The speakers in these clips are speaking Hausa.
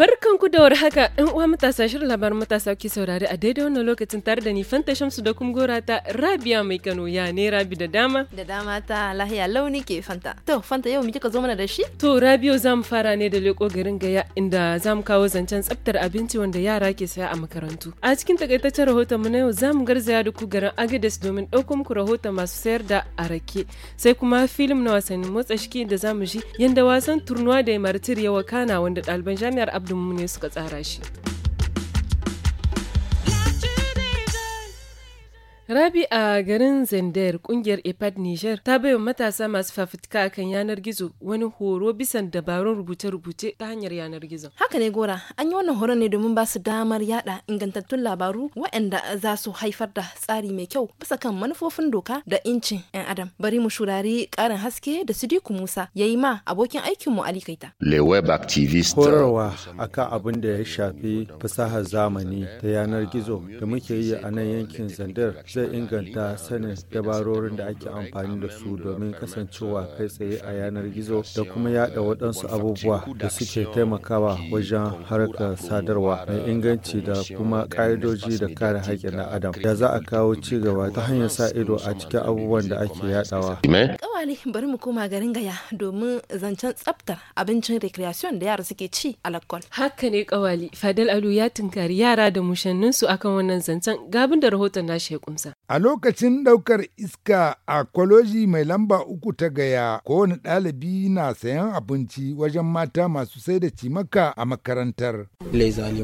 Barkan ku da haka ɗan uwa matasa shirin labaran matasa ke saurari a daidai wannan lokacin tare da ni Fanta Shamsu da kuma gora ta Rabia mai Kano ya ne Rabi da dama. Da dama ta lahiya launi ke Fanta. To Fanta yau mu kika zo mana da shi? To Rabiu za mu fara ne da leko garin Gaya inda za mu kawo zancen tsaftar abinci wanda yara ke saya a makarantu. A cikin takaitaccen rahoton mu na yau za mu garzaya da ku garin agades domin ɗauko muku rahoton masu sayar da arake. Sai kuma filim na wasannin motsa shiki da za mu ji yanda wasan turnuwa da martir ya wakana wanda ɗaliban jami'ar duk ne suka tsara shi Rabi a garin Zender kungiyar EPAD Niger ta bai wa matasa masu fafutuka kan yanar gizo wani horo bisan dabarun rubuce-rubuce ta hanyar yanar gizo. Haka ne Gora, an yi wannan horon ne domin ba su damar yada ingantattun labaru waɗanda za su haifar da tsari mai kyau bisa kan manufofin doka da incin 'yan adam. Bari mu shurari karin haske da Sidiku Musa ya yi ma abokin aikinmu Ali Kaita. Le web activist. Horarwa akan abin da ya shafi fasahar zamani ta yanar gizo da muke yi a nan yankin Zender. zai inganta sanin dabarorin da ake amfani da su domin kasancewa kai tsaye a yanar gizo da kuma yada waɗansu abubuwa da suke taimakawa wajen harkar sadarwa mai inganci da kuma ƙa'idoji da kare haƙƙin na adam da za a kawo ci gaba ta hanyar sa ido a cikin abubuwan da ake yadawa. Ali bari mu koma garin gaya domin zancen tsaftar abincin recreation da yara suke ci a lakwal. Haka ne kawali Fadal Alu ya tunkari yara da mushannin su akan wannan zancen gabin da rahoton nashi ya kumsa. A lokacin daukar iska a kwaloji mai lamba uku ta gaya kowane ɗalibi na sayan abinci wajen mata masu sai da cimaka a makarantar.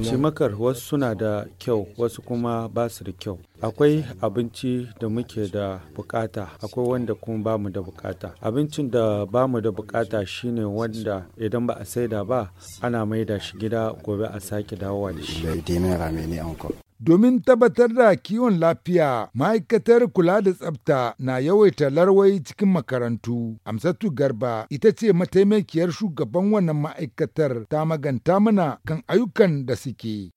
Cimakar wasu suna da kyau wasu kuma ba su da kyau. akwai abinci da muke da bukata akwai wanda kuma bamu da bukata abincin da bamu da bukata shine wanda idan ba a saida ba ana maida shi gida gobe a sake dawowa da shi Domin tabbatar da kiwon lafiya, ma'aikatar kula da tsabta na yawaita larwai cikin makarantu. Amsatu Garba ita ce mataimakiyar shugaban wannan ma'aikatar ta maganta mana kan ayyukan da suke.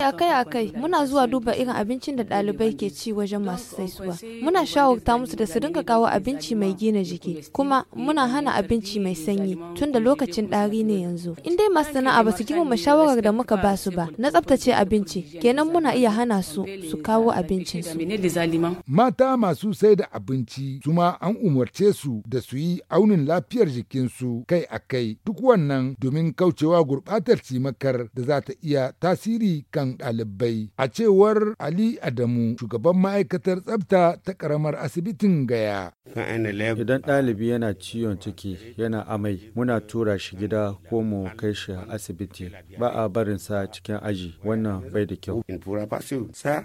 Akai-akai muna zuwa duba irin abincin da ɗalibai ke ci wajen masu saisuwa. Muna shawarta musu da su dinga kawo abinci mai gina jiki, kuma muna hana abinci mai sanyi tun da lokacin ɗari ne yanzu. In dai masu sana'a ba su mu shawarar da muka ba su ba na tsaftace abinci, ke kenan muna iya hana su su kawo abincin su. Mata masu sai da abinci suma an umarce su da su yi aunin lafiyar jikinsu kai a kai duk wannan domin kaucewa gurɓatar cimakar da za ta iya tasiri kan ɗalibai. A cewar Ali Adamu shugaban ma'aikatar tsafta ta karamar asibitin Gaya. Idan ɗalibi yana ciwon ciki yana amai muna tura shi gida ko mu kai shi asibiti ba a barinsa cikin aji wannan bai da kyau. in sa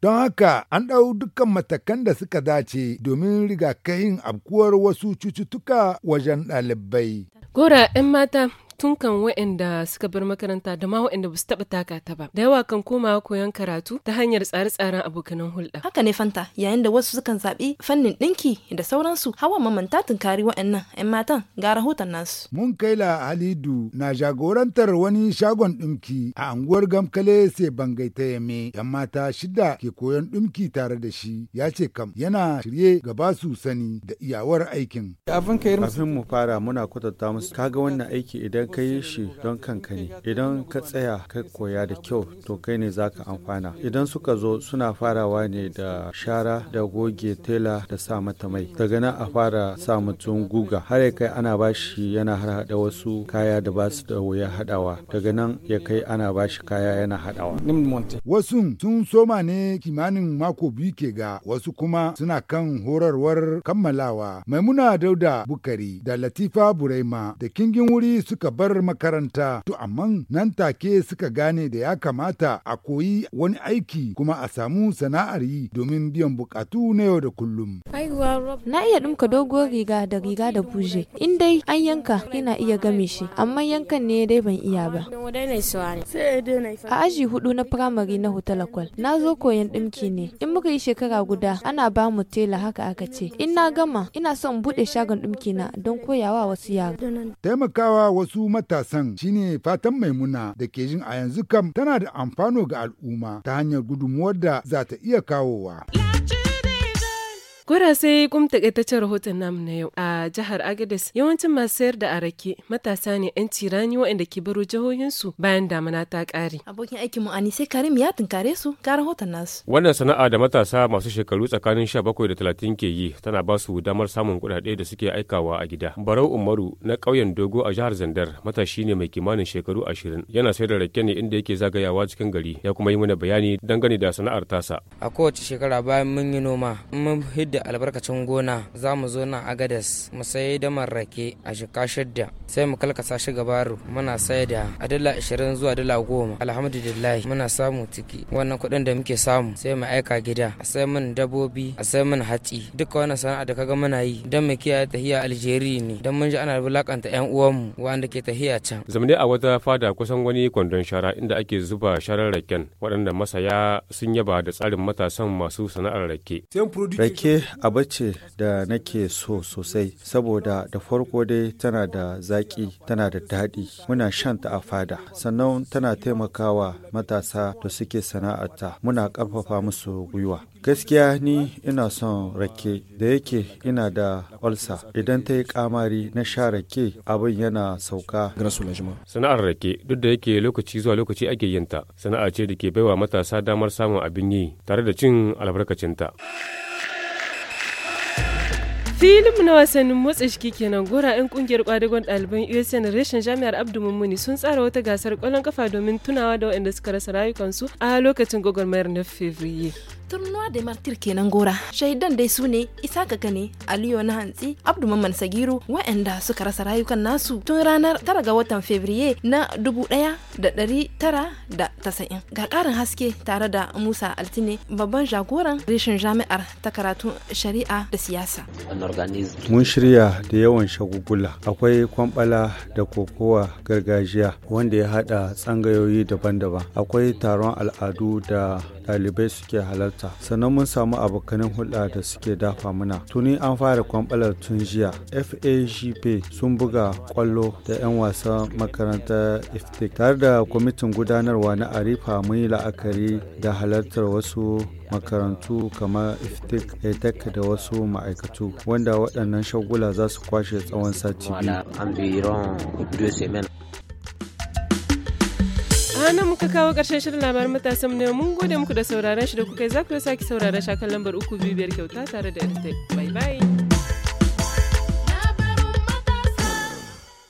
Don haka an ɗau dukkan matakan da suka dace domin rigakayin abkuwar wasu cututtuka wajen ɗalibai. Gora 'yan mata tun kan waɗanda suka bar makaranta da ma waɗanda ba su taɓa taka ta ba da yawa kan komawa koyon karatu ta hanyar tsare-tsaren abokanan hulɗa haka ne fanta yayin da wasu sukan zaɓi fannin ɗinki da sauransu hawa mamanta tunkari waɗannan 'yan matan ga rahoton nasu mun kai la halidu na jagorantar wani shagon ɗinki a anguwar gamkale sai bangai ta yame 'yan mata shida ke koyon ɗinki tare da shi ya ce kam yana shirye gaba su sani da iyawar aikin abin kafin mu fara muna kwatanta musu kaga wannan aiki idan ka yi shi don kanka ne idan ka tsaya ka koya da kyau to kai ne za ka amfana idan suka zo suna farawa ne da shara da goge tela da sa mata mai daga nan a fara sa mutum guga har ya kai ana bashi yana har hada wasu kaya da ba su da wuya hadawa daga nan ya kai ana bashi kaya yana hadawa wasu sun soma ne kimanin mako biyu ke ga wasu kuma suna kan horarwar kammalawa maimuna dauda bukari da latifa buraima da kingin wuri suka bar makaranta to amma nan take suka gane da ya kamata a koyi wani aiki kuma a samu sana'ar yi domin biyan bukatu na yau da kullum. Na iya dumka doguwar riga da riga da buje. In dai an yanka ina iya game shi amma yankan ne dai ban iya ba. A aji hudu na firamare na hotalakwal na zo koyan dumki ne. In muka yi shekara guda ana ba mu tela haka aka ce. In na gama ina son bude shagon dumki na don koyawa wasu yara. Taimakawa wasu matasan shine fatan maimuna da ke jin a yanzu kam tana da amfano ga al'umma ta hanyar gudunmuwar da za ta iya kawowa. Gwara sai kum takaitaccen rahoton namu na yau a jihar Agadez yawancin masu sayar da arake matasa ne 'yan cirani waɗanda ke baro jihohinsu bayan damana ta ƙare. Abokin aikinmu mu sai Karim ya tunkare su ga rahoton nasu. Wannan sana'a da matasa masu shekaru tsakanin sha bakwai da talatin ke yi tana ba su damar samun kuɗaɗe da suke aikawa a gida. Barau Umaru na ƙauyen Dogo a jihar Zandar matashi ne mai kimanin shekaru ashirin yana sayar da rake ne inda yake zagayawa cikin gari ya kuma yi mana bayani dangane da sana'ar tasa. A kowace shekara bayan mun yi noma mun hidda da albarkacin gona za mu zo nan agadas mu sayi damar rake a shika shidda sai mu kalkasa shi gabaru muna sai da a dala ashirin zuwa dala goma alhamdulillah muna samu ciki wannan kuɗin da muke samu sai mu aika gida a sai min dabbobi a sai min hatsi duka wannan sana'a da kaga muna yi don mu kiyaye tahiya aljeri ne don mun ji ana bulakanta yan uwanmu wanda ke tahiya can. zamani a wata fada kusan wani kwandon shara inda ake zuba sharar raken waɗanda masaya sun yaba da tsarin matasan masu sana'ar rake. rake lalle abu ce da nake so sosai saboda da farko dai tana da zaƙi tana da daɗi muna shanta a fada sannan tana taimakawa matasa da suke sana'arta muna ƙarfafa musu gwiwa gaskiya ni ina son rake da yake ina da olsa idan ta yi kamari na sha rake abin yana sauka sana'ar rake duk da yake lokaci zuwa lokaci ake yinta sana'a ce da ke baiwa matasa damar samun abin yi tare da cin albarkacinta. filin na wasannin motsa jiki kenan gora 'yan kungiyar kwadagon ɗaliban us generation jami'ar abdu mummuni sun tsara wata gasar kwallon kafa domin tunawa da waɗanda suka rasa rayukansu a lokacin gwagwarmayar na fevrier Turnuwa da martir kenan gora. Shahidan dai su ne Isaka Kane, Aliyu na hantsi, Abdu Mamman Sagiru wa'anda suka rasa rayukan nasu tun ranar tara ga watan fevriye na dubu ɗaya da ɗari tara da tasa'in. Ga ƙarin haske tare da Musa Altine babban jagoran reshen jami'ar ta karatu shari'a da siyasa. Mun shirya da yawan shagugula akwai kwambala da kokowa gargajiya wanda ya hada tsangayoyi daban-daban akwai taron al'adu da ɗalibai suke halarta sannan mun samu abokanin hulɗa da suke dafa mana tuni an fara kwamɓalar tun jiya fagp sun buga kwallo da 'yan wasan makarantar iftik tare da kwamitin gudanarwa na arifa mun yi la'akari da halartar wasu makarantu kamar iftik etec da wasu ma'aikatu wanda waɗannan shagula za su kwashe tsawon sati biyu hannun muka kawo ƙarshen shirin labarin matasan ne mun gode muku da sauraron shi da kuka yi za ku sake sauraron shakan lambar uku biyu biyar kyauta tare da bye bye